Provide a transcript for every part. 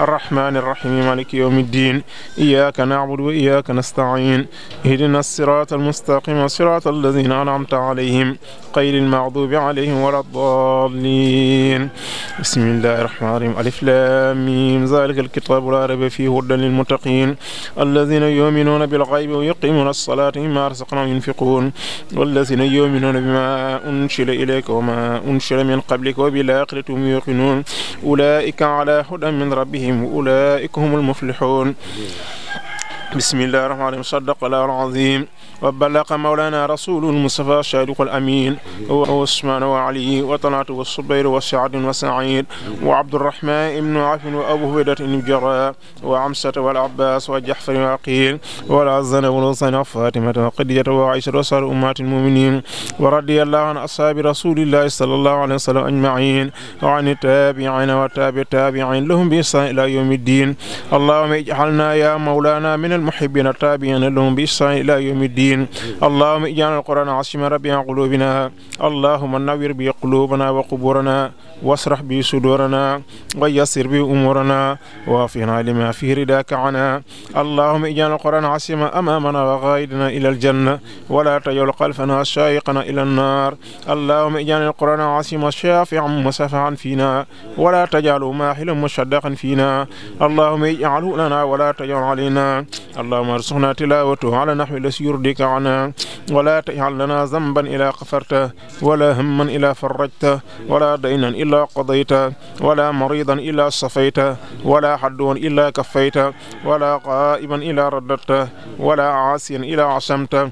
الرحمن الرحيم مالك يوم الدين إياك نعبد وإياك نستعين اهدنا الصراط المستقيم صراط الذين أنعمت عليهم غير المغضوب عليهم ولا الضالين بسم الله الرحمن الرحيم ألف لام ذلك الكتاب لا ريب فيه هدى للمتقين الذين يؤمنون بالغيب ويقيمون الصلاة مما رزقناهم ينفقون والذين يؤمنون بما أنشل إليك وما أنشل من قبلك وبالآخرة هم يوقنون أولئك على هدى من ربهم ربهم وأولئك هم المفلحون بسم الله الرحمن الرحيم صدق الله العظيم وبلغ مولانا رسول المصطفى الشادق الامين وعثمان وعلي وطلعت والصبير وسعد وسعيد وعبد الرحمن بن عوف وابو هريره بن جراء وعمسة والعباس وجحفر وعقيل والعزن والحسين وفاطمة وقدية وعائشة وسائر امهات المؤمنين ورضي الله عن اصحاب رسول الله صلى الله عليه وسلم اجمعين وعن التابعين وتابع التابعين لهم باحسان الى يوم الدين اللهم اجعلنا يا مولانا من المحبين التابعين لهم باحسان الى يوم الدين الدين اللهم اجعل القرآن عاصم ربيع قلوبنا اللهم نور به قلوبنا وقبورنا واسرح به صدورنا ويسر به أمورنا وافنا لما فيه رداك عنا اللهم اجعل القرآن عاصم أمامنا وغايدنا إلى الجنة ولا تجعل قلفنا شائقنا إلى النار اللهم اجعل القرآن عاصم شافعا مسافعا فينا ولا ما ماحلا مشدقا فينا اللهم اجعله لنا ولا تجعل علينا اللهم ارزقنا تلاوته على نحو الذي يرضيك ذلك عنا ولا تجعل لنا ذنبا إلا غفرته ولا هما إلا فرجته ولا دينا إلا قضيته ولا مريضا إلا شفيته ولا حدوا إلا كفيته ولا غائبا إلا رددته ولا عاسيا إلا عصمته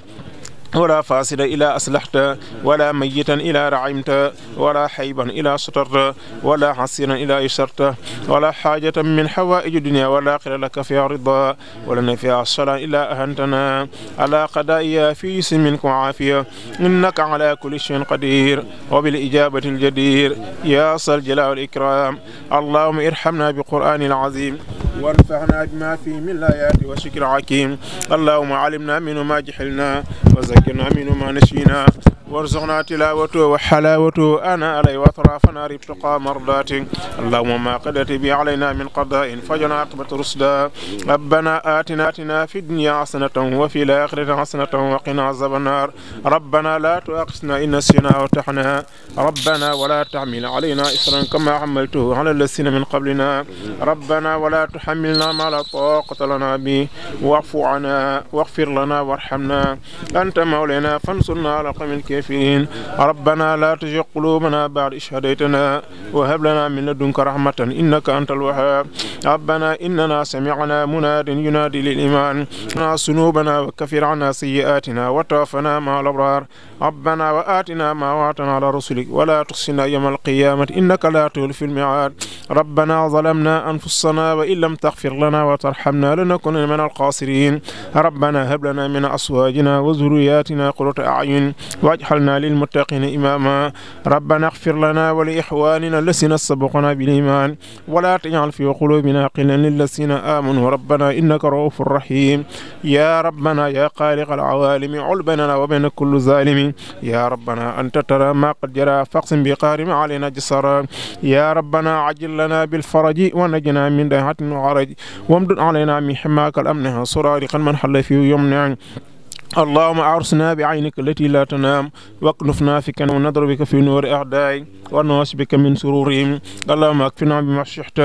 ولا فاسد إلى أصلحت ولا ميتا إلى رعمت ولا حيبا إلى سترت ولا عسيرا إلى يسرت ولا حاجة من حوائج الدنيا ولا قل لك فيها رضا ولنا فيها الصلاة إلا أهنتنا على قضائها في سمنك وعافية إنك على كل شيء قدير وبالإجابة الجدير يا صل الجلال والإكرام اللهم ارحمنا بقرآن العظيم وانفعنا بما فيه من الآيات وشكر حكيم اللهم علمنا منه ما جحلنا وزكنا أسكننا امين ما نسينا وارزقنا تلاوته وحلاوته أنا علي وأطرافنا ربتقى مرضات اللهم ما قدرت بي علينا من قضاء فجنا عقبة رسدا ربنا آتنا آتنا في الدنيا حسنة وفي الآخرة حسنة وقنا عذاب النار ربنا لا تؤاخذنا إن نسينا وتحنا ربنا ولا تعمل علينا إثرا كما حملته على الذين من قبلنا ربنا ولا تحملنا ما لا طاقة لنا به واعف عنا واغفر لنا وارحمنا أنت ما مولانا فانصرنا على القوم الكافرين ربنا لا تزغ قلوبنا بعد إذ هديتنا وهب لنا من لدنك رحمة إنك أنت الوهاب ربنا إننا سمعنا مناد ينادي للإيمان ذنوبنا وكفر عنا سيئاتنا وتوفنا مع الأبرار ربنا وآتنا ما وعدتنا على رسلك ولا تحصنا يوم القيامة إنك لا تخلف الميعاد ربنا ظلمنا أنفسنا وإن لم تغفر لنا وترحمنا لنكن من الخاسرين ربنا هب لنا من أزواجنا وذرياتنا وآتنا قرة أعين واجعلنا للمتقين إماما ربنا اغفر لنا ولإخواننا الذين سبقونا بالإيمان ولا تجعل في قلوبنا قلا للذين آمنوا ربنا إنك رؤوف رحيم يا ربنا يا خالق العوالم علبنا وبين كل ظالم يا ربنا أنت ترى ما قد جرى فاقسم بقارم علينا جسرا يا ربنا عجل لنا بالفرج ونجنا من دهات وعرج وامدد علينا من حماك الأمن صرارقا من حل فيه يمنع اللهم أعرسنا بعينك التي لا تنام واكنفنا فيك ونضر بك في نور أعدائي ونعوذ بك من سرورهم اللهم اكفنا بما شئت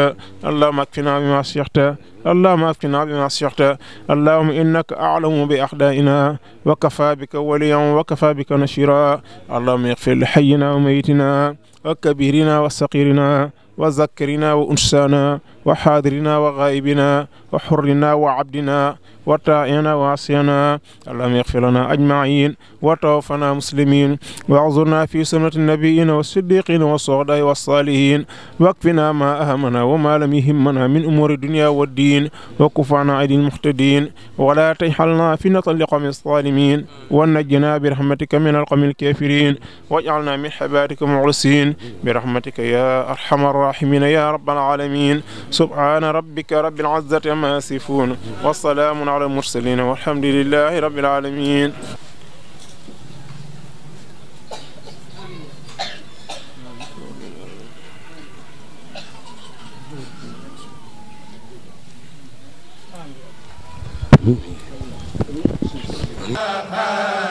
اللهم اكفنا بما شئت اللهم اكفنا بما شئت اللهم إنك أعلم بأعدائنا وكفى بك وليا وكفى بك نشيرا اللهم اغفر لحينا وميتنا وكبيرنا وصغيرنا وذكرنا وأنسانا وحاضرنا وغائبنا وحرنا وعبدنا وتائنا وعصينا اللهم يغفر لنا أجمعين وتوفنا مسلمين واعذرنا في سنة النبيين والصديقين والصهداء والصالحين واكفنا ما أهمنا وما لم يهمنا من أمور الدنيا والدين وكفانا أيدي المحتدين ولا تجعلنا فتنة لقوم الظالمين ونجنا برحمتك من القوم الكافرين واجعلنا من حبارك معرسين برحمتك يا أرحم الراحمين يا رب العالمين سبحان ربك رب العزة عما يصفون والسلام على المرسلين والحمد لله رب العالمين Ha ha!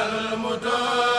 المتوكل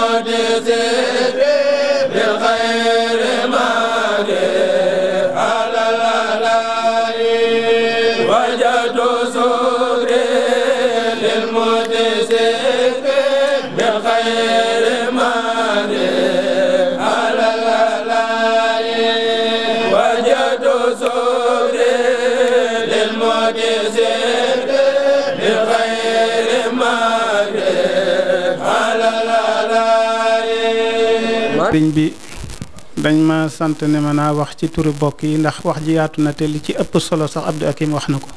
Muhammad sëriñ bi dañ ma sant ne ma naa wax ci turu bokk yi ndax wax ji yaatu na te li ci ëpp solo sax Abdou Akim wax na ko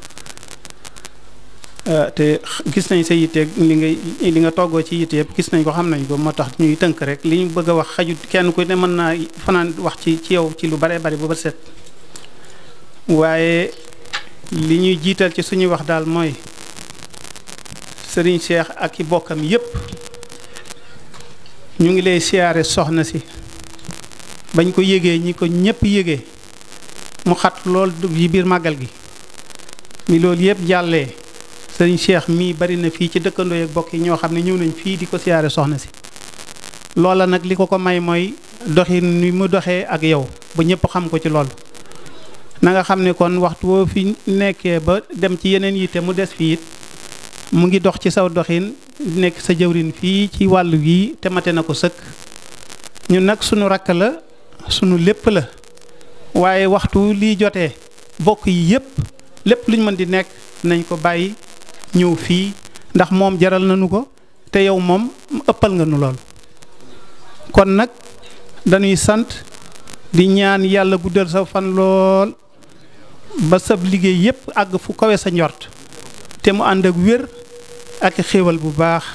te gis nañ sa yitteeg li ngay li nga toggoo ci yitte yëpp gis nañ ko xam nañ ko moo tax ñuy tënk rek li ñu bëgg a wax xajut kenn ku ne mën naa fanaan wax ci ci yow ci lu bare bari bu ba set waaye li ñuy jiital ci suñuy wax daal mooy sëriñ Cheikh ak i bokkam yëpp. ñu ngi lay siyaare soxna si bañ ko yëgee ñi ko ñépp yëgee mu xat lool yi biir màggal gi mi loolu yépp jàllee sëriñ Cheikh mii bari na fii ci dëkkandoo yeeg bokk yi ñoo xam ne ñëw nañ fii di ko siyaare soxna si loola nag li ko ko may mooy doxin ni mu doxee ak yow ba ñépp xam ko ci lool na xam ne kon waxtu woo fi nekkee ba dem ci yeneen yitte mu des fii it mu ngi dox ci saw doxin Nek sa jawrin fi ci walu wii te maté nako seuk ñun nak sunu rak la sunu lepp la waaye waxtu li joté bokk yi yépp lepp luñu mën di nek nañ ko bayyi ñew fi ndax mom jaral nañu ko te yow mom ëppal nga ñu lool kon nak dañuy sant di ñaan yalla guddal sa fan lool ba sab liggéey yépp ag fu kawé sa ñort té mu and ak wër ak xewal bu baax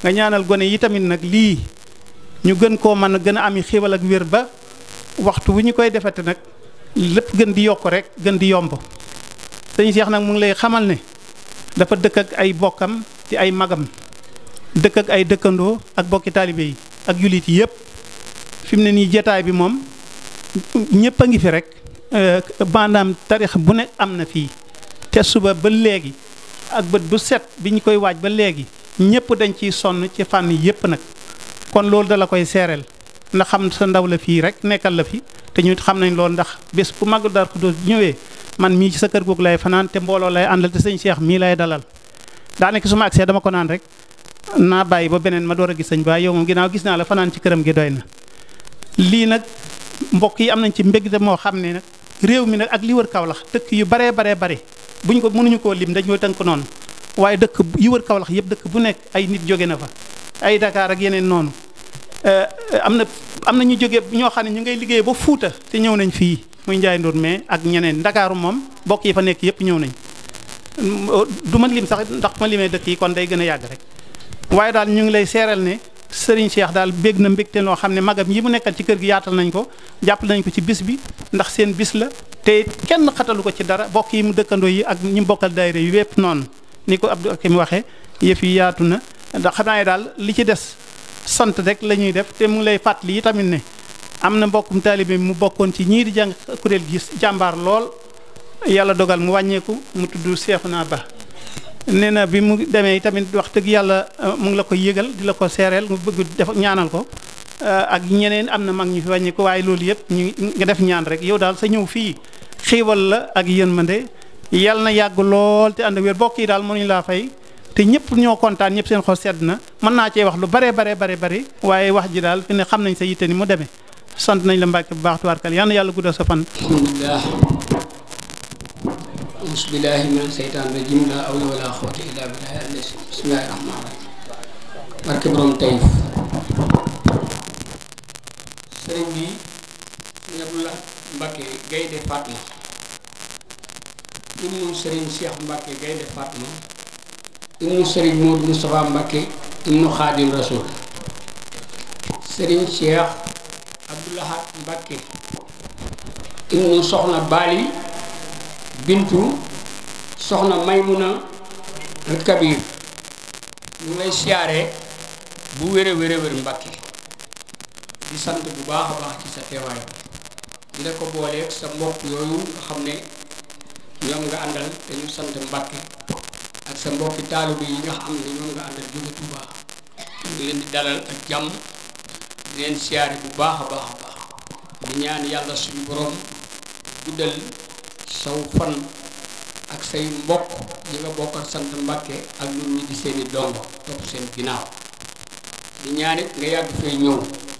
nga ñaanal gone yi tamit nak mana ñu gën ko man gën ami xewal ak wër ba waxtu wu koy defate nak lepp gën di yok rek gën di yomb señ Cheikh nak mu ngi lay xamal ne dafa dëkk ak ay bokkam ci ay magam dëkk ak ay dëkkandoo ak bokki talibé yi ak yulit yi yëpp fi mu ne bi mom ñepp nga fi rek bandam euh, tarikh bu ne amna fi té suba ba légui ak bët bu set bi ñu koy waaj ba léegi ñëpp dañ ci sonn ci fànn yëpp nag kon loolu da la koy seereel ndax xam sa ndaw la fii rek nekkal la fi te ñu xam nañ loolu ndax bés bu màgg Daaru Xudoos ñëwee man mii ci sa kër googu lay fanaan te mbooloo lay àndal te sañ Cheikh mii lay dalal daanaka su ma agsee dama ko naan rek naa bàyyi ba beneen ma door a gis sañ Ba yow moom ginnaaw gis naa la fanaan ci këram gi doy na lii nag mbokk yi am nañ ci mbëgg mbégte moo xam ne nag réew mi nag ak li wër dëkk yu baree baree bare buñ ko mënuñu koo lim dañoo tënk noonu waaye dëkk yi wër Kawlax yëpp dëkk bu nekk ay nit jóge na fa ay Dakar ak yeneen noonu eh, am na am na ñu jóge ñoo xam ne ñu ngay liggéey ba Fuuta te ñëw nañ fii muy Njaay Ndour mais ak ñeneen Ndakaaru moom mbokk yi fa nekk yëpp ñëw nañ du ma lim sax ndax ma limee dëkk yi kon day gën a yàgg rek waaye daal ñu ngi lay seeral ne Serigne Cheikh daal bégg na mbégte noo xam ne magam yi mu nekkal ci kër gi yaatal nañ ko jàpp nañ ko ci bis bi ndax seen bis la té kenn xatalu ko ci dara bokk yi mu dëkkandoo yi ak ñi bokkal daayira yi yépp non ni ko Abdou Akim waxé yëf yi yaatu na ndax xam naa daal li ci dess sant rek lañuy def té mu ngi lay fatli tamit ne amna bokkum talibé mu bokkon ci ñi di jang kurel gis jambar lool yalla dogal mu wàññeeku mu tudd Seexuna Ba néna bi mu démé tamit wax dëgg yalla mu ngi la ko yégal di la ko séréel mu bëgg def ñaanal ko Euh, ak ñeneen am na mag ñu fi wàññi waaye loolu yëpp ñu nga def ñaan rek yow daal sa ñëw fii xiiwal la ak ma yërmande yal na yàgg lool te ànd ak wér bokk yi daal mënuñu laa fay te ñëpp ñoo kontaan ñëpp seen xol sedd na mën naa cee wax lu bare bare bare bari waaye wax ji daal fi ne xam nañ sa yitte ni mu demee sant nañ la Mbàkke bu baax tubaarkal yal na yàlla guddal sa fan. alhamdulilah. bismillahi mina seytaan rajim sëriñ bi sëriñ Abdullah Mbacke Gaynde Fatma ibnu sëriñ Cheikh Mbacke Gaynde Fatma ibnu sëriñ Modou Moustapha Mbacke ibnu Xaadim Rasul sëriñ Cheikh Abdoulahat Mbacke ibnu soxna Bali Bintu soxna Maymuna Kabir ñu lay siyaare bu wér a wér a di sant bu baax a baax ci sa teewaay di la ko booleeg sa mbokk yooyu nga xam ne ñoom nga àndal te ñu sant Mbàkke ak sa mbokki ñu bu baax yàlla suñu borom guddal saw fan ak say nga bokkal sant Mbàkke ak ñun ñi di seeni dongo topp seen ginnaaw di ñaan nga yàgg fay ñëw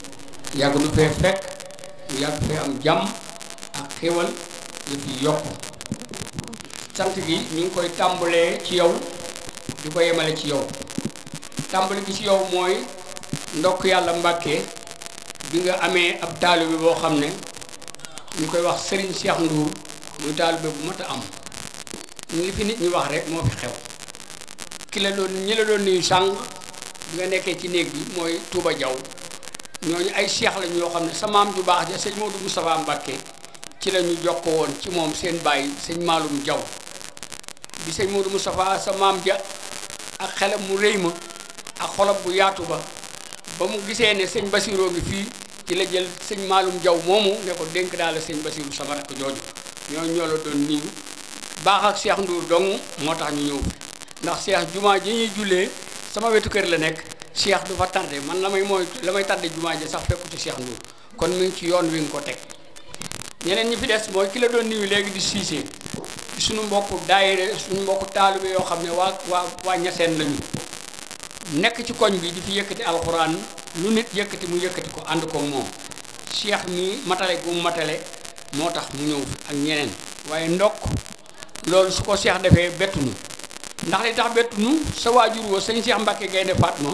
yàgg nu fee fekk ñu yàgg fee am jàmm ak xéwal yu fi yokk sant gi ñu ngi koy tàmbalee ci yow di ko yemale ci yow tàmbali gi ci yow mooy ndokk yàlla mbàkke bi nga amee ab taalibe boo xam ne ñu koy wax Serigne Cheikh Ndour muy taalibe bu mat a am li fi nit ñi wax rek moo fi xew ki la doon ñi la doon nuyu sàng bi nga nekkee ci néeg bi mooy tuuba Diaw ñooñu ay seex lañ yoo xam ne sa maam ju baax ja sëñ Modou Moustapha Mbacké ci la ñu jokk woon ci moom seen bàyyi sëñ Maalum Jaw bi sëñ Modou Moustapha sa maam ja ak xelam mu rëy ma ak xolab bu yaatu ba ba mu gisee ne sëñ Basiroo ngi fii ci la jël sëñ Maalum Jaw moomu ne ko dénk daal la sëñ Basiru sama rakk jooju ñooñu ñoo la doon niiw baax ak Seex Nduur dong moo tax ñu ñëw fi ndax Seex jumaa ji ñuy jullee sama wetu kër la nekk cheikh du fa tardé man la may mooy la may tardé jumaa ji sax fekku ci seex Ndour kon mu ngi ci yoon wi nga ko teg ñeneen ñi fi des mooy ki la doon nuyu léegi di siisee suñu mbokku daayira suñu mbokku taalibe yoo xam ne waa waa waa ñaseen nekk ci koñ bi di fi lu nit yëkkati mu yëkkati ko ànd ko moom cheikh mi matale gu mu matale moo tax mu ñëw ak ñeneen waaye ndokk loolu su ko cheikh defee bettuñu ndax li tax bettuñu sa waajur wa sëñ cheikh Mbacke Gaynde Fatma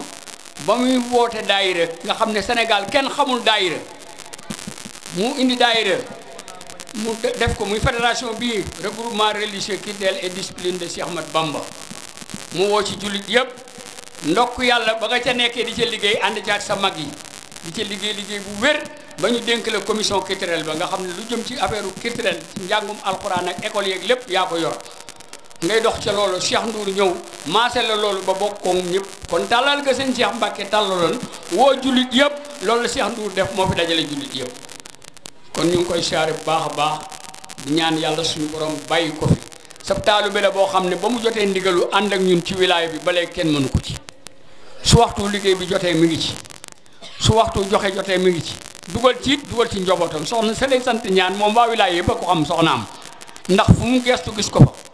ba muy woote daayira nga xam ne Sénégal kenn xamul daayira mu indi daayira mu def ko muy fédération bii regroupement religieux culturel et discipline de Cheikh Ahmad Bamba mu woo ci jullit yépp ndokk yàlla ba nga ca nekkee di ca liggéey ànd ca sa mag yi di ca liggéey liggéey bu wér ba ñu dénk la commission culturelle ba nga xam ne lu jëm ci affaire culturelle ci njàngum alxuraan ak école yeeg lépp yaa ko yor ngay dox ca loolu Cheikh Ndour ñëw maase la loolu ba bokkoon ñëpp kon tàllal ga sëñ Cheikh Mbacke tàllaloon woo jullit yëpp loolu la Cheikh Ndour def moo fi dajale jullit yëpp kon ñu ngi koy siyaare bu baax a baax di ñaan yàlla suñu borom bàyyi ko fi sab taalu bi la boo xam ne ba mu jotee ndigalu ànd ak ñun ci wilaay bi balee kenn mënu ko ci su waxtu liggéey bi jotee mi ngi ci su waxtu joxe jotee mi ngi ci dugal ci dugal ci njobootam soxna sa lay sant ñaan moom waa wilaay yëpp ko xam soxnaam ndax fu mu gis ko fa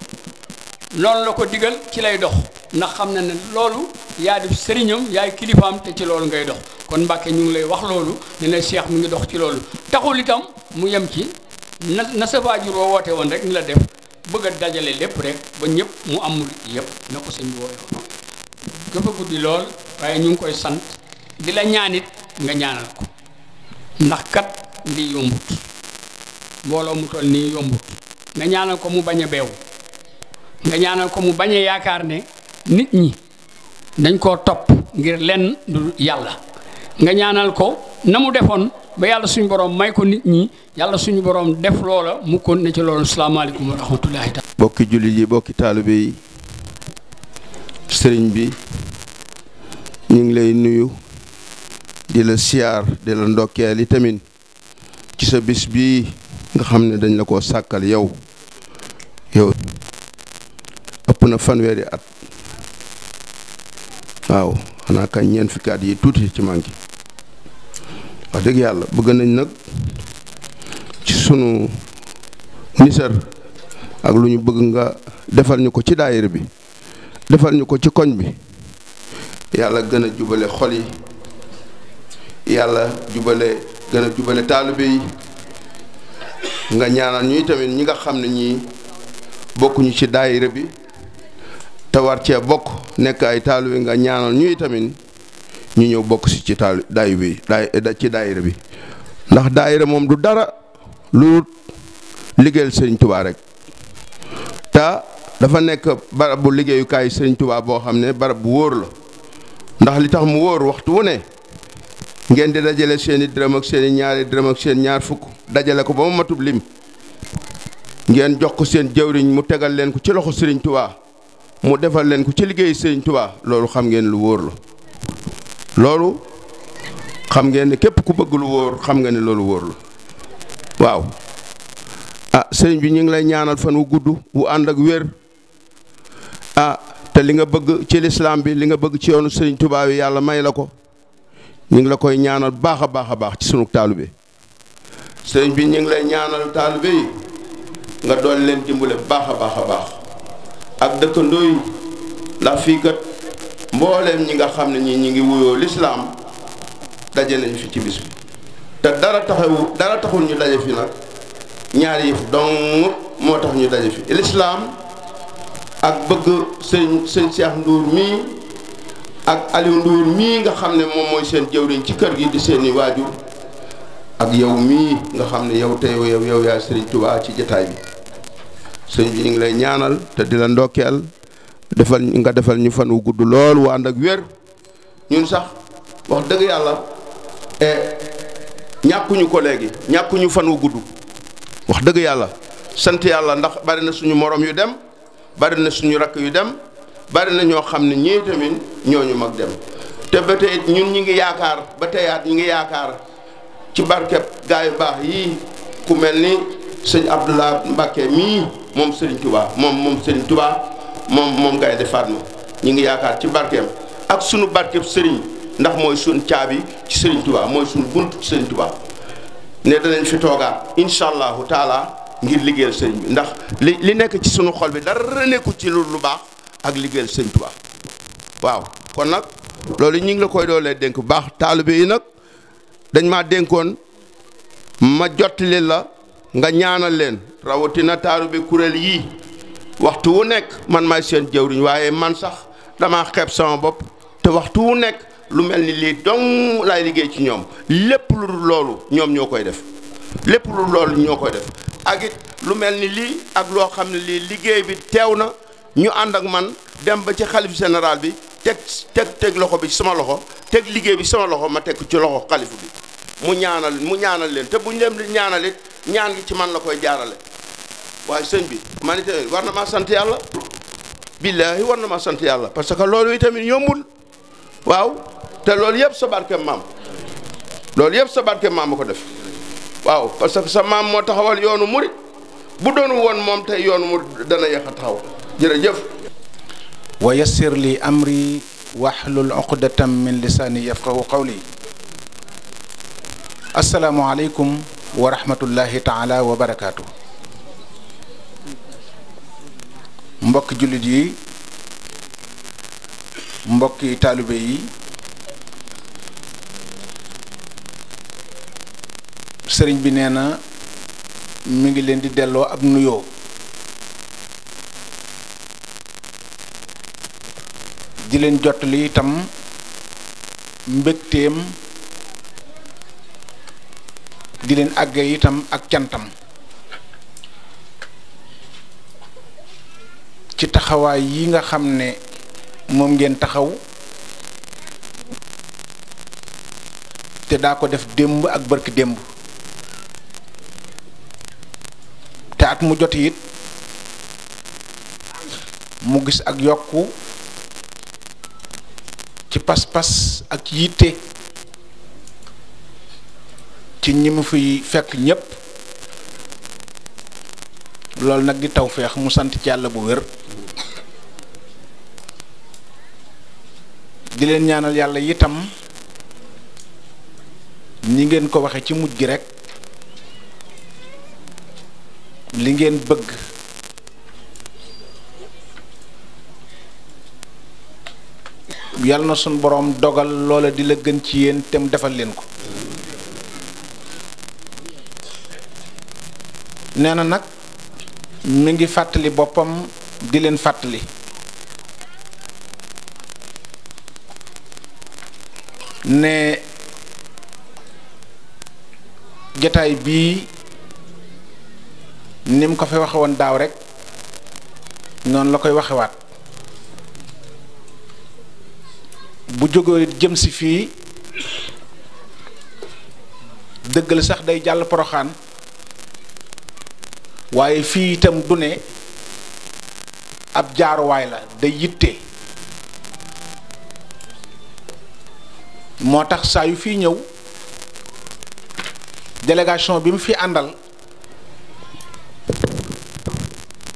loolu la ko digal ci lay dox ndax xam na ne loolu yaa def sëriñam yaay kilifaam te ci loolu ngay dox kon Mbàkke ñu ngi lay wax loolu ne ne Cheikh mu ngi dox ci loolu taxul itam mu yem ci na na sa waajur woo woote woon rek ni la def bëgg a dajale lépp rek ba ñëpp mu amul yëpp na ko sëñ bi wooyoon dafa guddi lool waaye ñu ngi koy sant di la ñaanit nga ñaanal ko ndax kat lii yombut mbooloo mu toll nii yombut nga ñaanal ko mu bañ a beewu nga ñaanal ko mu bañ yaakaar ne nit ñi dañ koo topp ngir lenn du yàlla nga ñaanal ko na mu defoon ba yàlla suñu borom may ko nit ñi yàlla suñu borom def loola mu kon ne ci loolu salaamaaleykum wa rahmatullahi taala yi bokki taalibe yi sëriñ bi ñu ngi lay nuyu di la siyaar di la yi tamit ci sa bis bii nga xam ne dañ la koo sàkkal yow yow na at waaw xanaa kañ ñeent fukki yi tuuti ci manqué wax dëgg yàlla bëgg nañ nag ci sunu nisar ak lu ñu bëgg nga defal ñu ko ci daayir bi defal ñu ko ci koñ bi yàlla gën a jubale xol yi yàlla jubale gën a jubale taalibe yi nga ñaanal ñuy tamit ñi nga xam ne ñii bokkuñu ci daayira bi te war cee bokk nekk ay taalibe nga ñaanal ñuy tamit ñu ñëw bokk si ci taal daay bi daay ci daayira bi ndax daayira moom du dara lu liggéeyal sëriñ tubaa rek te dafa nekk barab bu liggéeyukaay sëriñ tubaa boo xam ne barab bu wóor la ndax li tax mu wóor waxtu wu ne ngeen di dajale seeni dërëm ak seeni ñaari dërëm ak seen ñaar fukk dajale ko ba mu matub lim ngeen jox ko seen jëwriñ mu tegal leen ko ci loxo sëriñ tubaa mu defal leen ko ci liggéey sëñ Tuubaa loolu xam ngeen lu wóor la loolu xam ngeen ne képp ku bëgg lu wóor xam nga ne loolu wóor la waaw ah sëñ bi ñu ngi lay ñaanal fan wu gudd wu ànd ak wér a ah, te li nga bëgg ci lislaam bi li nga bëgg ci yoonu sëriñ Tuubaa yi yàlla may la ko ñu ngi la koy ñaanal baax a baax a baax ci sunu taalibe sëñ bi ñu ngi lay ñaanal taalibe yi nga doon leen dimbale baax a baax a baax ak dëkkandoo yi ndax fii kat mbooleem ñi nga xam ne ñi ñi ngi wuyoo lislaam daje nañu fi ci bis bi te dara taxawu dara taxul ñu daje fi nag ñaari yëf dong moo tax ñu daje fi lislaam ak bëgg sëñ sëñ Cheikh nduur mii ak Aliou Ndour mii nga xam ne moom mooy seen jëwriñ ci kër gi di seeni waajur ak yow mii nga xam ne yow te yow yow yaa Serigne Touba ci jataay bi sëñ bi ñu ngi lay ñaanal te di la ndokkeel defal nga defal ñu fan wu gudd loolu wu ànd ak wér ñun sax wax dëgg yàlla e, ñàkkuñu ko léegi ñàkkuñu fan wu gudd wax dëgg yàlla sant yàlla ndax bari na suñu moroom yu dem bari na suñu rakk yu dem bari na ñoo xam ne ñii tamit ñooñu mag dem te ba tey ñun ñi ngi yaakaar ba teyaat ñi ngi yaakaar ci barkeb gaa yu baax yii ku mel ni sëñ Abdoulaye Mbacke mii moom Serigne Touba moom moom Serigne Touba moom moom Gaynde Fatma ñu ngi yaakaar ci barkeem ak sunu barkeem sëriñ ndax mooy sunu caabi ci Serigne Touba mooy sunu bunt ci tubaa ne danañ fi toogaat incha allahu taala ngir liggéeyal Serigne bi ndax li li nekk ci sunu xol bi dara nekku ci lu lu baax ak liggéeyal Serigne Touba waaw kon nag loolu ñu ngi la koy doolee dénk bu baax taalibe yi nag dañ maa dénkoon ma jot jottali la. nga ñaanal leen rawatina taaru bi kuréel yii waxtu wu nekk man maay seen jëwriñ waaye man sax dama xeeb sama bopp te waxtu wu nekk lu mel ni lii dong laay liggéey ci ñoom lépp lu dul loolu ñoom ñoo koy def lépp lu loolu ñoo koy def ak it lu mel ni lii ak loo xam ne lii liggéey bi teew na ñu ànd ak man dem ba ci xalif général bi teg teg teg loxo bi sama loxo teg liggéey bi sama loxo ma teg ci loxo xalif bi mu ñaanal mu ñaanal leen te bu leen di ñaan gi ci man la koy jaarale waaye sëñ bi man té war na maa sant yàlla billahi war na maa sant yàlla parce que loolu itamit yombul waaw te loolu yëpp sa barke mam loolu yëpp sa barke mam ko def waaw parce que sa mam mo taxawal yoonu murid bu doon won mom tay yoonu murid dana yéex a jere jërëjëf wa yassir li amri waxlul uqdatam min lisaani yafqahu qawli عليكم wa rahmatullahi taala wa barakaatu mbokki jullit yi mbokki taalibe yi sëriñ bi nee na mi ngi leen di delloo ab nuyoo di leen jottali itam mbégteem di leen àgg itam ak cantam ci taxawaay yi nga xam ne moom ngeen taxaw te daa ko def démb ak barki démb te at mu jot it mu gis ak yokku ci pas-pas ak yitte ci ñi mu fiy fekk ñépp loolu nag di tawféex mu sant ci yàlla bu wér di leen ñaanal yàlla yitam ñi ngeen ko waxe ci mujj gi rekk li ngeen bëgg yàlla na sunu borom dogal loola di la gën ci yéen te mu defal leen ko nee na nag mu ngi fàttali boppam di leen fàttali ne jataay bii ni mu ko fi waxe daaw rekk noonu la koy waxewaat bu jógee jëm si fii dëggal sax day jàll poroxaan waaye fii itam du ne ab jaaruwaay la day yitte moo tax saa yu fii ñëw délégation bi mu fi àndal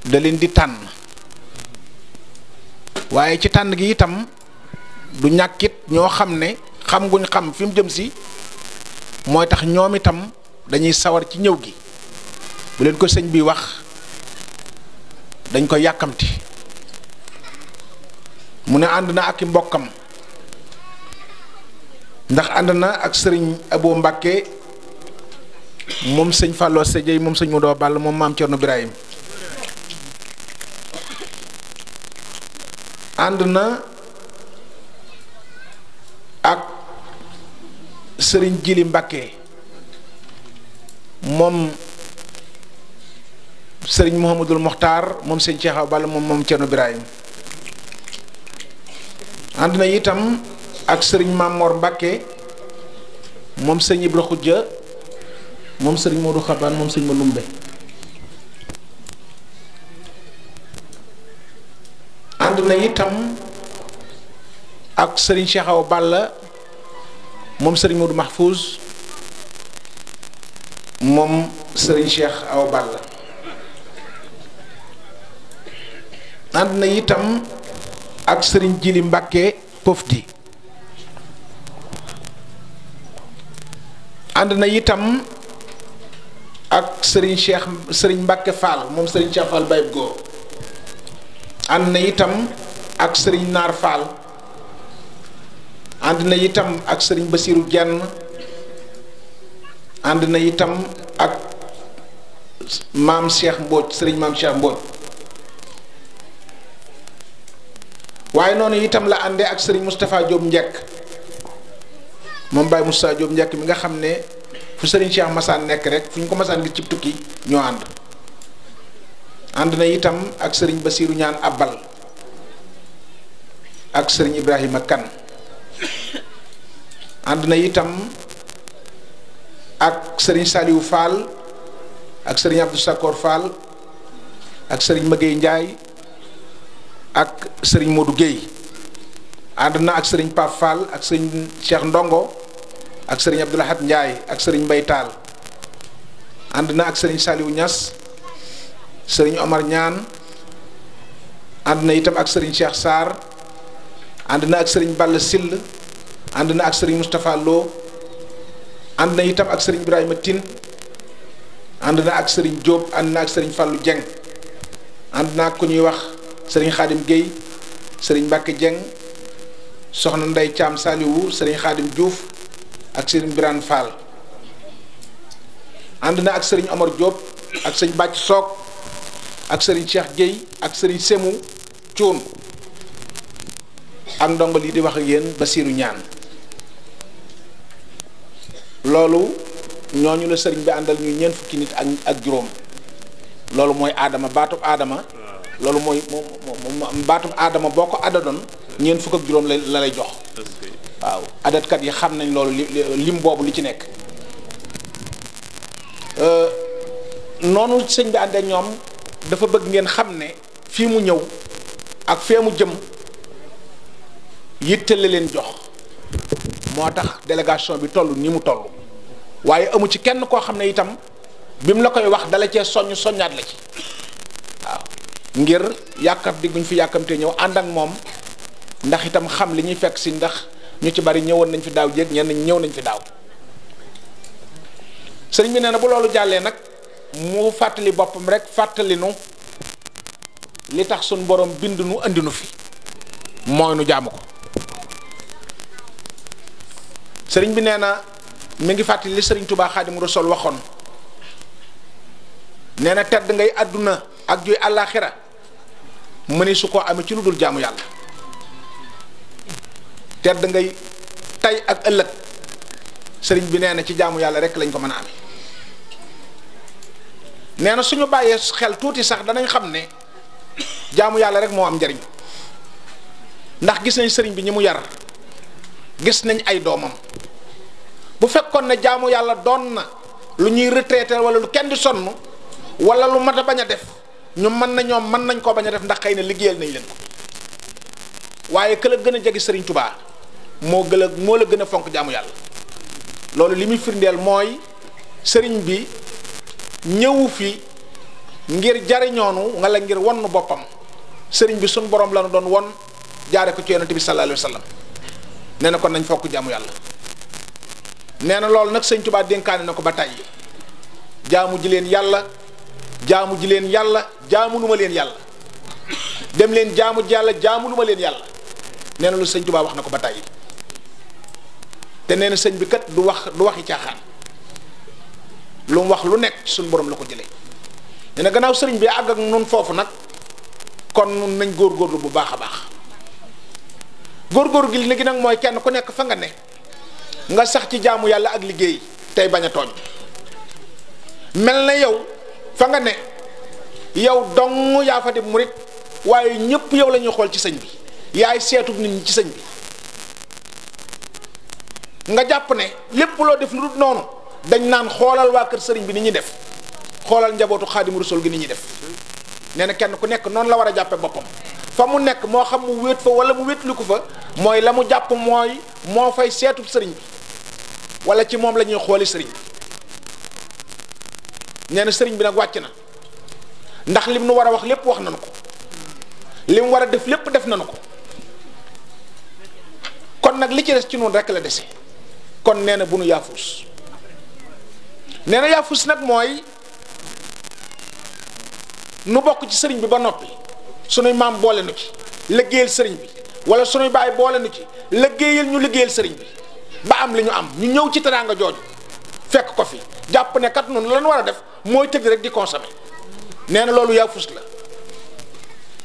da leen di tànn waaye ci tànn gi itam du ñàkkit ñoo xam ne xam guñ xam fi jëm si mooy tax ñoom itam dañuy sawar ci ñëw gi bu leen ko sëñ bi wax dañ ko yàkkamti mu ne ànd na ak mbokkam ndax ànd na ak sëriñ Abo Mbàkke moom sëñ Fallou Seye moom sëñ Modou Ball moom maam Cerno Birahim ànd na ak sëriñ Jili Mbàkke moom sëriñ Mouhamadul Mokhtar moom sëñ Cheikh Awa moom moom Thierno Birahim ànd itam ak sëriñ Mamor Mbacke moom sëñ Ibra moom sëriñ Modou Xaban moom sëñ Manoumbe ànd sëriñ Cheikh Awa Balla moom sëriñ Modou Mahfouz moom sëriñ Cheikh Awa ànd na itam ak sëriñ Jili Mbàkke Pofdi ànd na itam ak sëriñ Cheikh sëriñ Mbàkke Fall moom sëriñ Cheikh Fall Baye Góor ànd na itam ak sëriñ Naar Fall ànd na itam ak sëriñ Basiiru Jenn ànd na itam ak maam Cheikh Mbodj sëriñ maam Cheikh Mbodj waaye noonu itam la àndee ak sëriñ Moustapha Diop njekk moom Baye Moustapha Diop njekk mi nga xam ne fu sëriñ Cheikh Massane nekk rek fu ñu ko Massane gis ci tukki ñoo ànd ànd na itam ak sëriñ Basiiru ñaan Abal ak sëriñ Ibrahima Kan ànd na itam ak sëriñ Saliou Fall ak sëriñ Abdou Sakor ak sëriñ Magueye Ndiaye ak sëriñ Modou Guèye ànd na ak sëriñ Pape ak sëriñ Cheikh Ndongo ak sëriñ Abdou Lahad ak sëriñ Mbaye Tall ànd na ak sëriñ Saliou Niass sëriñ Omar Ñaan ànd na itam ak sëriñ Cheikh Sarr ànd na ak sëriñ Balla Sill ànd na ak sëriñ Moustapha Lo ànd na itam ak sëriñ Ibrahima Tine ànd na ak sëriñ Diop ànd na ak sëriñ Fallou Dieng ànd na ak ku ñuy wax. serigne khadim gay serigne mbacke jeng soxna ndey cham saliwu serigne khadim diouf ak serigne biran fall and ak serigne omar diop ak serigne bacc sok ak serigne cheikh gueye ak serigne semu ciun ak ndongo li di wax ak yeen basiru ñaan lolu ñooñu la serigne bi andal ñu fukki nit ak ak lolu moy adama batok adama loolu mooy moom moom baatum aadama boo ko addadoon ñeent fukk ak juróom la lay jox waaw adatkat yi xam nañ loolu lim boobu li ci nekk euh, noonu sëñ bi ànd ñoom dafa bëgg ngeen xam ne fii mu ñëw ak fee mu jëm yittale leen jox moo tax délégation bi toll ni mu toll waaye amu ci kenn koo xam ne itam bi mu la koy wax dala cee soññ soññaat la ci ngir yàkkamti guñ fi yàkkamtee ñëw ànd ak moom ndax itam xam li ñuy fekk si ndax ñu ci bari ñëwoon nañ fi daaw jéeg ñenn ñëw nañ fi daaw sëriñ bi nee na bu loolu jàllee nag mu fàttali boppam rek fàttali nu li tax suñ boroom bind nu andi fi mooy nu jàmm ko sëriñ bi nee na mi ngi fàttali li sëriñ Tuubaa Xaadimu Rasuul waxoon nee na tedd ngay àdduna ak jooy àllaaxira mëni su koo amee ci lu dul jaamu yàlla tedd ngay tay ak ëllëg sëriñ bi nee na ci jaamu yàlla rek lañ ko mën a amee nee na suñu bàyyee xel tuuti sax danañ xam ne jaamu yàlla rek moo am njariñ ndax gis nañ sëriñ bi ñi mu yar gis nañ ay doomam bu fekkoon ne jaamu yàlla doon na lu ñuy retraité wala lu kenn di sonn wala lu mat a bañ a def ñu mën na mën nañ koo bañ a def ndax xëy na liggéeyal nañ leen ko waaye këla gën a jege sëriñ tubaa moo gën a moo la gën a fonk jaamu yàlla loolu li muy firndeel mooy sëriñ bi ñëwu fi ngir jariñoonu nga la ngir won wonnu boppam sëriñ bi suñu borom la nu doon won jaare ko ci yonent bi sallallahu alayhi wa sallam nee na kon nañ fokk jaamu yàlla nee na loolu nag sëñ tubaa dénkaane na ko ba tàyyi jaamu ji leen yàlla jaamu ji leen yàlla jaamu lu ma leen yàlla dem leen jaamu ji yàlla jaamu lu ma leen yàlla nee na lu sëñ Tuubaa wax na ko ba tàyyi te nee sëñ bi kat du wax du waxi caaxaan lu mu wax lu nekk suñu borom la ko jëlee nee na gannaaw sëriñ bi àgg ak nun foofu nag kon nun nañ góorgóorlu bu baax a baax góorgóorlu gi léegi nag mooy kenn ku nekk fa nga ne nga sax ci jaamu yàlla ak liggéey tey bañ a tooñ mel na yow. fa nga ne yow dong yaa fa di murit waaye ñëpp yow lañuy xool ci sëñ bi yaay seetu nit ñi ci sëñ bi nga jàpp ne lépp loo def lu dul noonu dañ naan xoolal waa kër sëriñ bi ni ñuy def xoolal njabootu xaadim rasul gi ni ñuy def nee na kenn ku nekk noonu la war a jàppe boppam fa mu nekk moo xam mu wéet fa wala mu wéetlu ko fa mooy la mu jàpp mooy moo fay seetu sëriñ bi wala ci moom la ñuy xooli sëriñ nee sëriñ bi nag wàcc na ndax lim nu war a wax lépp wax nanu ko lim war a def lépp def nanu ko kon nag li ci des ci noonu rekk la dese kon nee na bu nu yaafus nee na yaafus nag mooy nu bokk ci sëriñ bi ba noppi sunuy maam boole nu ci liggéeyal sëriñ bi wala sunuy baay boole nu ci liggéeyal ñu liggéeyal sëriñ bi ba am li ñu am ñu ñëw ci teraanga jooju fekk ko fi jàpp ne kat noonu lan war a def mooy tëdd rek di consommer nee na loolu yaa fus la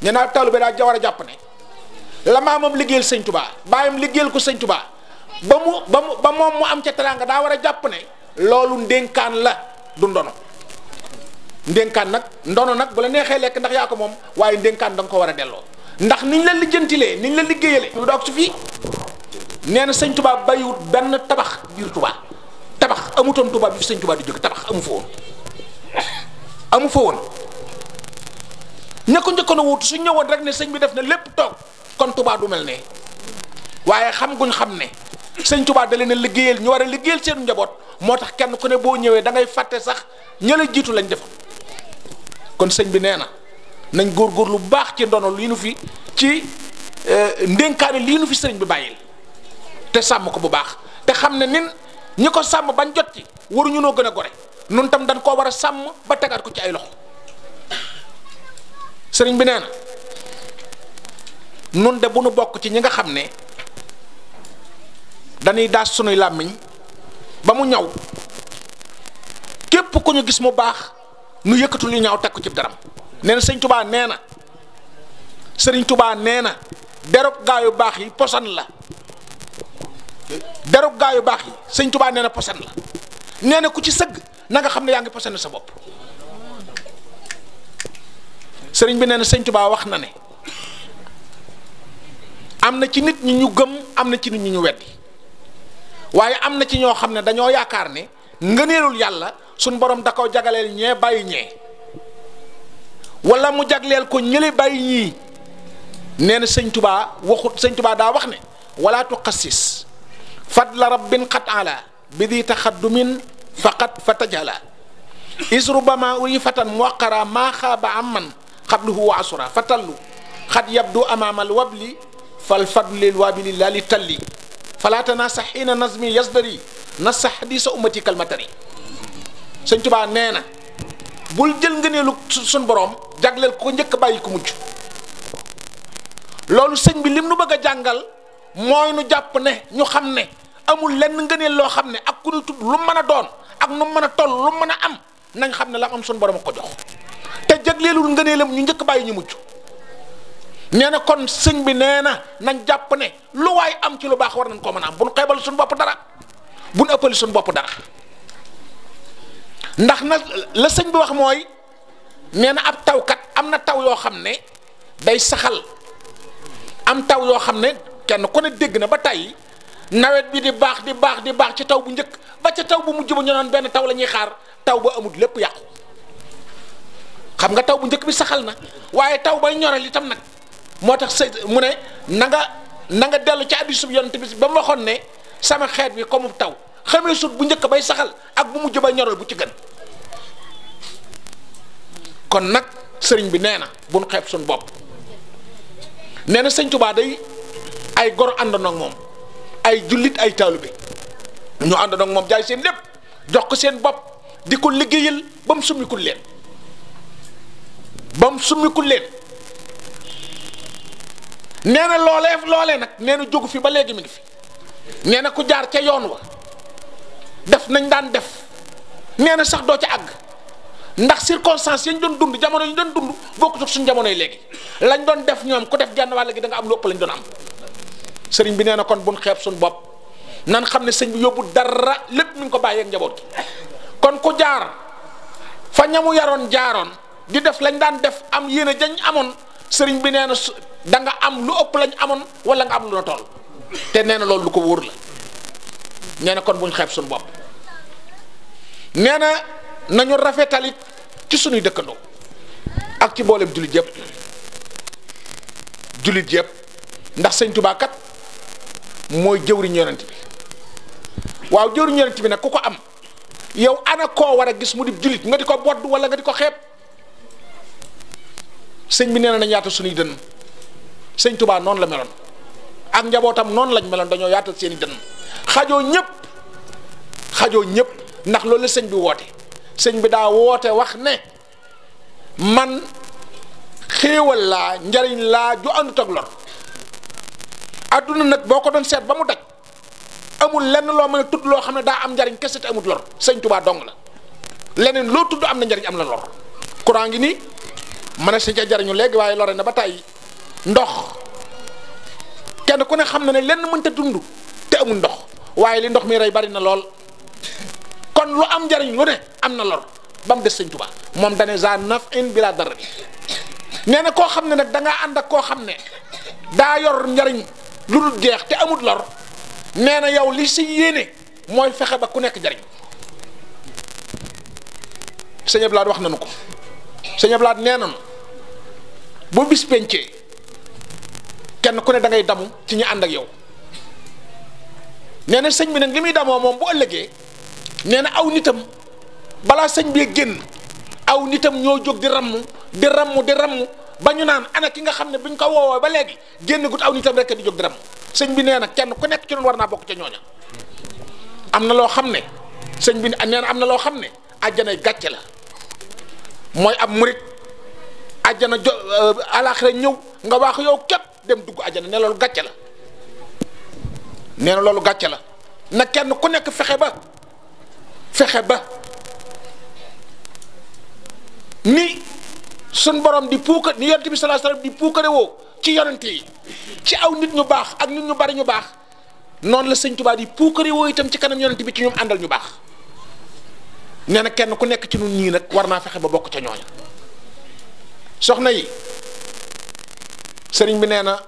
nee naa taalibe ja war a jàpp ne la maamam liggéeyal sëñ tubaa baayam ko sëñ ba mu ba ba moom mu am ca teraanga daa war a jàpp ne loolu ndénkaan la du ndono ndénkaan nag ndono nag bu la neexee lekk ndax yaa ko moom waaye ndénkaan danga ko war a delloo ndax niñ la lijjantilee niñ la liggéeyalee lu doog su fii nee na sëñ tubaa bàyyiwut benn tabax biir tubaa tabax amutoon tubaab bi fi sëñ Touba di jóg tabax amu fa woon amu fa woon ña ko njëkkoon su ñëwoon rek ne sëñ bi def na lépp toog kon Touba du mel ne waaye xam guñ xam ne sëñ Touba da leen liggéeyal ñu war a liggéeyal seen njaboot moo tax kenn ku ne boo ñëwee dangay fàtte sax ña jiitu lañ defoon kon sëñ bi nee na nañ góor lu baax ci ndono lii nu fi ci euh, ndénkaane lii nu fi sëñ bi bàyyil te sàmm ko bu baax te xam ne nin ñi ko sàmm bañ jot ci waruñu noo gën a gore nun tam dañ koo war a sàmm ba tegaat ko ci ay loxo sëriñ bi nee na nun de bu nu bokk ci ñi nga xam ne dañuy daas sunuy làmmiñ ba mu ñaw képp ku ñu gis mu baax nu yëkkatu lu ñaw teg ko ci daram nee sëñ tubaa nee na sëriñ tubaa nee na derop gaa yu baax yi posan la deru gaa yu baax yi sëñ Tuubaa nee posen la nee na ku ci sëgg nanga xam ne yaa ngi posen sa bopp sëriñ bi nee sëñ Tuubaa wax na ne am na ci nit ñi ñu gëm am na ci nit ñi ñu weddi waaye am na ci ñoo xam ne dañoo yaakaar ne ngëneelul yàlla suñ borom da koo jagaleel ñee bàyyi ñee wala mu jagleel ko ñële bàyyi ñii nee na sëñ Tuubaa waxut sëñ Tuubaa daa wax ne wala tuqassis فضل رب قد على بذي تخدم فقد فتجلى إذ ربما أويفة موقرة ما خاب عمن قبله وعصرا فتلوا قد يبدو أمام الوبل فالفضل للوابل لا لتلي فلا تناس حين نظم يزدري نص حديث أمتي كالمتري سنتبع نينا بول جيل غني لو سون بروم جاغلال كو نيك بايكو موج لولو سيغ بي ليم نو بغا جانغال موي جاب ني نيو خام ني amul lenn ngëneel loo xam ne ak ku ñu tudd lu mën a doon ak nu mën a toll lu mën a am nañ xam ne la am suñu borom a ko jox te jagleelul ngëneelam ñu njëkk bàyyi ñu mujj nee na kon sëñ bi nee na nañ jàpp ne lu waay am ci lu baax war nañ koo mën a am bu nu xeebal suñu bopp dara bu nu suñu bopp dara ndax nag la sëñ bi wax mooy nee na ab tawkat am na taw yoo xam ne day saxal am taw yoo xam ne kenn ku ne dégg na ba tàyyi nawet bi di baax di baax di baax ci taw bu njëkk ba ca taw bu mujj ba ñu naan benn taw la ñuy xaar taw ba amul lépp yàqu xam nga taw bu njëkk bi saxal na waaye taw bay ñoreel itam nag moo tax sa mu ne na nga dellu ci hadiisu ba mu waxoon ne sama xeet bi comme taw xam ne sut bu njëkk bay saxal ak bu mujj ba ñoreel bu ci gën kon nag sëriñ bi nee na buñ xeeb suñ bopp nee na sëñ Tuubaa ay gor ànd ak moom. ay julit ay taalibe ñu and nak mom jaay seen lepp jox ko seen bop diko ko bam sumi kul summikul leen ba sumi kul leen nee lolé loolee loolee nag fi ba légui mi ngi fi neena ku jaar ca yoon wa def nañ daan def neena sax do ci ag ndax circonstance yañ doon dund jamono yi doon dund bokku ak suñu jamono legi lañ doon def ñoom ku def genn wàll gi da nga am lopp lañ doon am sëriñ bi nee na kon buñ xeeb suñ bopp nan xam ne sëñ bi yóbbu dara lépp mi ngi ko bàyyeeg njaboot gi kon ku jaar fa ñamu yaroon jaaroon di def lañ daan def am yéene jañ amoon sëriñ bi nee na danga am lu ëpp lañ amoon wala nga am lu la toll te nee na loolu lu ko wóor la nee kon buñ xeeb suñ bopp nee na nañu rafetalit ci suñuy dëkkandoo ak ci mboolem jullit yëpp jullit yëpp ndax sëñ Tuubaa mooy jëwriñ yonent bi waaw jëwriñ yonent bi nag ku ko am yow ana koo war a gis mu di jullit nga di ko bodd wala nga di ko xeeb sëñ bi nee na nañ yaatal suñuy dënn sëñ tubaa noonu la meloon ak njabootam noonu lañ meloon dañoo yaatal seeni i dënn xajoo ñëpp xajoo ñëpp ndax loolu sëñ bi woote sëñ bi daa woote wax ne man xéewal laa njariñ laa ju àndut ak lor adduna nag boo ko doon seet ba mu daj amul lenn loo mën a tudd loo xam ne daa am njariñ kese te amut lor sëñ Tuubaa dong la leneen loo tudd am na njariñ am na lor courant ngi nii mën a jariñu léegi waaye na ba tàyyi ndox kenn ku ne xam na ne lenn mënta dund te amul ndox waaye li ndox mi rey bari na lool kon lu am njariñ lu ne am na lor ba mu des sëñ Tuubaa moom dane za naf in bila dara bi na koo xam ne nag dangaa ànd ak koo xam ne daa yor njariñ lu dul jeex te amut lor nee na yow li si yéene mooy fexe ba ku nekk jariñ sëñ Ablaat wax nañu ko sëñ Ablaat nee nañu bu bis pencee kenn ku ne dangay ngay damu ci ñu ànd ak yow nee na sëñ bi nag li muy damoo moom bu ëllëgee nee na aw nitam balaa sëñ bee génn aw nitam ñoo jóg di ramm di ramm di ramm ba ñu naan ana ki nga xam ne buñ ko woowoo ba léegi génn gut aw nitam rek di jóg dërëm sëñ bi nee na kenn ku nekk ci noonu war naa bokk ca ñooña am na loo xam ne sëñ bi nee na am na loo xam ne àjjanay gàcce la mooy am murit àjjana jo euh, alaaxira ñëw nga waax yow képp dem dugg àjjana ne loolu gàcce la nee loolu gàcce la na kenn ku nekk fexe ba fexe ba ni suñ borom di puuka ni yonent bi sallallahu alayhi wasallam di puukare woo ci yonent yi ci aw nit ñu baax ak nit ñu bari ñu baax noonu la sëñ Tuubaa yi puukare woo itam ci kanam yonent bi ci ñoom àndal ñu baax nee na kenn ku nekk ci ñun ñii nag war naa fexe ba bokk ca ñooña soxna yi sëriñ bi nee na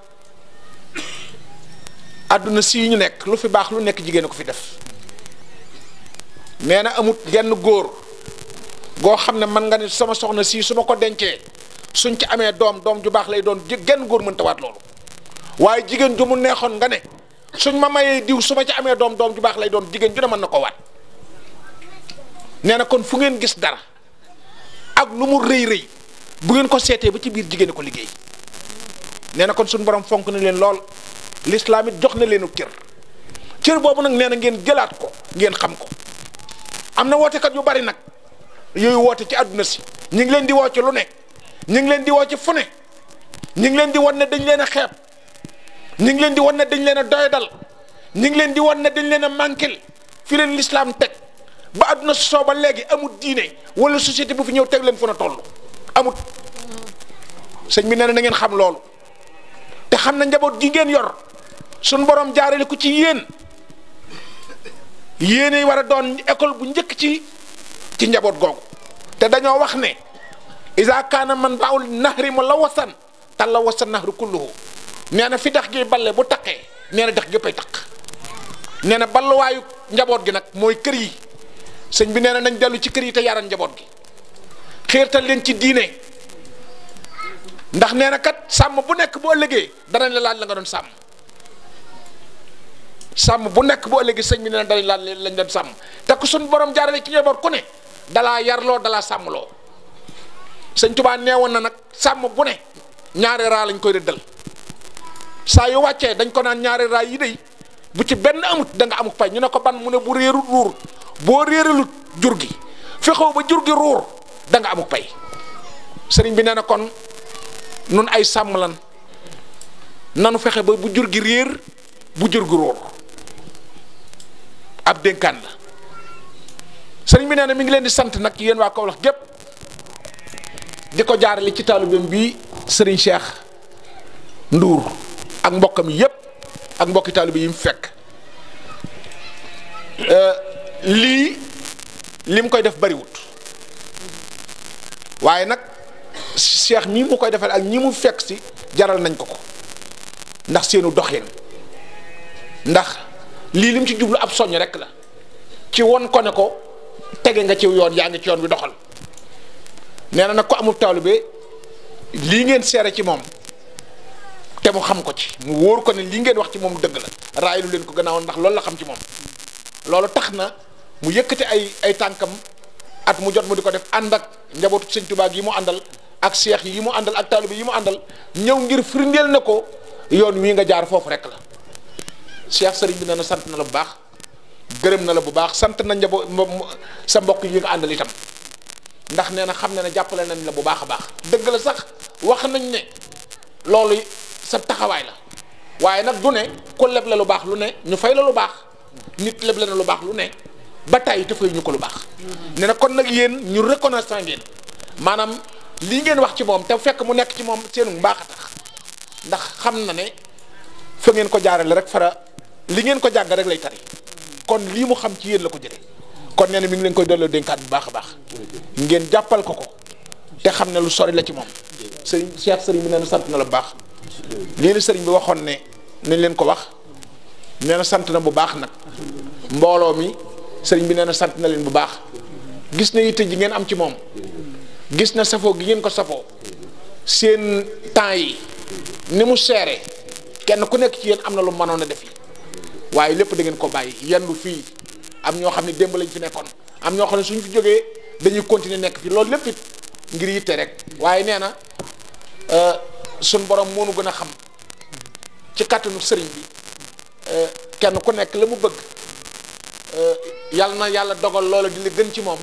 àdduna sii ñu nekk lu fi baax lu nekk jigéen a ko fi def nee na amut genn góor goo xam ne man nga ne sama soxna sii su ma ko dencee suñ ci amee doom doom ju baax lay doon genn góor mënta waat loolu waaye jigéen ju mu neexoon nga ne suñ ma mayee diw su ma ci amee doom doom ju baax lay doon jigéen ju ne mën na ko waat nee na kon fu ngeen gis dara ak lu mu rëy rëy bu ngeen ko seetee ba ci biir jigéen ko liggéey nee na kon suñ borom fonk na leen lool lislaam jox na leenu cër cër boobu nag nee na ngeen jëlaat ko ngeen xam ko am na wootekat yu bari nag. yooyu woote ci àdduna si ñu ngi leen di woo ci lu nekk ñu ngi leen di woo ci fu ne ñu ngi leen di wan ne dañ leen a xeeb ñu ngi leen di wan na dañ leen a doydal ñu ngi leen di wan ne dañ leen a manqué fi leen lislaam teg ba àdduna soo ba léegi amul diine wala société bu fi ñëw teg leen fu na toll amut sëñ bi nee na ngeen xam loolu te xam na njaboot gi ngeen yor suñ borom jaarale ko ci yéen yéenay war a doon école bu njëkk ci ci njaboot googu te dañoo wax ne isa kaana man baawul nahri mu la wasan tal la wasan nahru kulluhu nee na fi tax gi balle bu taqee nee na dex géppay taq nee na balluwaayu njaboot gi nag mooy kër yi sëñ bi nee na nañ dellu ci kër yi te yaran njaboot gi xiirtal leen ci diine ndax nee na kat sàmm bu nekk boo ëllëgee danañ la laal la nga doon sàmm sàmm bu nekk boo ëllëgee sëñ bi nee na danañ laaj lañ doon sàmm te ku suñ borom jaarale ci njaboot ku ne dalaa yarloo dalaa samlo señ tuba newon na nak sam bu ne ñaari ra lañ koy reddal sa yu wacce dañ ko nan ñaari ra yi de bu ci ben amut da nga amuk pay ñu ne ko ban mu ne bu réerut ruur boo jurgi ba jurgi rur da nga amuk pay señ bi neena kon nun ay sam lan nanu fexé ba bu jurgi reer bu jurgi rur ab denkan la sëriñ bi nee na mi ngi leen di sant nag yéen waa Kaolack gépp di ko jaarale ci taalibeem bi sëriñ Cheikh Ndour ak mbokkam yépp ak mbokki taalibe yi mu fekk euh, lii li mu koy def bariwut waaye nag cheikh mii mu koy defal ak ñi mu fekk si jaral nañ ko ko ndax seenu doxin ndax lii lim ci jublu ab soññ rek la ci won kone ko tege nga ciw yoon yaa ngi ci yoon wi doxal nee na nag ko amul taalibe lii ngeen seere ci moom te mu xam ko ci mu wóor ko ne lii ngeen wax ci moom dëgg la raayalu leen ko gannaaw ndax loolu la xam ci moom loolu tax na mu yëkkati ay ay tànkam at mu jot mu di ko def ànd ak njabootu sëñ Tuubaa yi mu àndal ak seex yi mu àndal ak taalibe yi mu àndal ñëw ngir firndeel na ko yoon wii nga jaar foofu rek la seex sëriñ bi nee na sant na la bu baax gërëm na la bu baax sant na njabo sa mbokk yi nga àndal itam ndax nee na xam na ne jàppale nañ la bu baax a baax dëgg la sax wax nañ ne loolu sa taxawaay la waaye nag du ne ku la lu baax lu ne ñu fay la lu baax nit leble na lu baax lu ne ba tàyyi te fay ñu ko lu baax nee na kon nag yéen ñu reconnaissant ngeen maanaam lii ngeen wax ci moom te fekk mu nekk ci moom seen mbaax a tax ndax xam na ne fa ngeen ko jaarale rek fara li ngeen ko jàng rek lay tari kon lii mu xam ci yéen la ko jëlee kon nee na mi ngi leen koy delloo dénkaat bu baax a baax ngeen jàppal ko ko te xam ne lu sori la ci moom sëriñ Cheikh sëriñ bi nee na sant na la baax lii la bi waxoon ne nañ leen ko wax nee sant na bu baax nag mbooloo mi sëriñ bi nee na sant na leen bu baax gis na yitte ji ngeen am ci moom gis na safoo gi ngeen ko safoo seen temps yi ni mu seere kenn ku nekk ci yéen am na lu mënoon a def yi waaye lépp da ngeen ko bàyyi yendu fii am ñoo xam ne démb lañ fi nekkoon am ñoo xam ne suñ fi jógee dañuy continuer nekk fi loolu lépp ngir yitte rek waaye nee na euh, suñ borom moo nu gën a xam ci kàttanu sëriñ bi euh, kenn ku nekk la mu bëgg euh, yàlla na yàlla dogal loola di li ci moom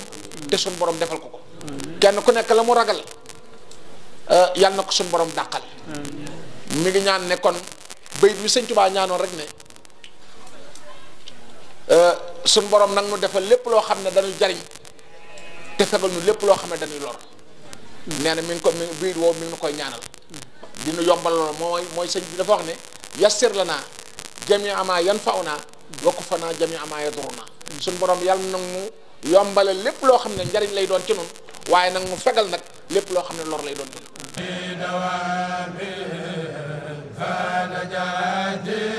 te borom defal ko ko kenn ku nekk la mu ragal yàlla na ko suñ borom dàqal mi ngi ñaan ne kon béy bi sëñ Tuubaa ñaanoon rek ne Euh, suñ borom nag nu defal lépp loo xam ne dañu jariñ te fegal nu lépp loo xam ne dañuy lor nee na mi ngi ko mi biir woowu mi ngi koy ñaanal dina yombal loolu mooy mooy sëñ bi dafa wax ne yassir la naa jami amaa yan faw naa wakku fa naa jami amaa ya duru naa suñ borom yàlla nag mu yombale lépp loo xam ne njariñ lay doon ci nun waaye nag mu fegal nag lépp loo xam ne lor lay doon ci nun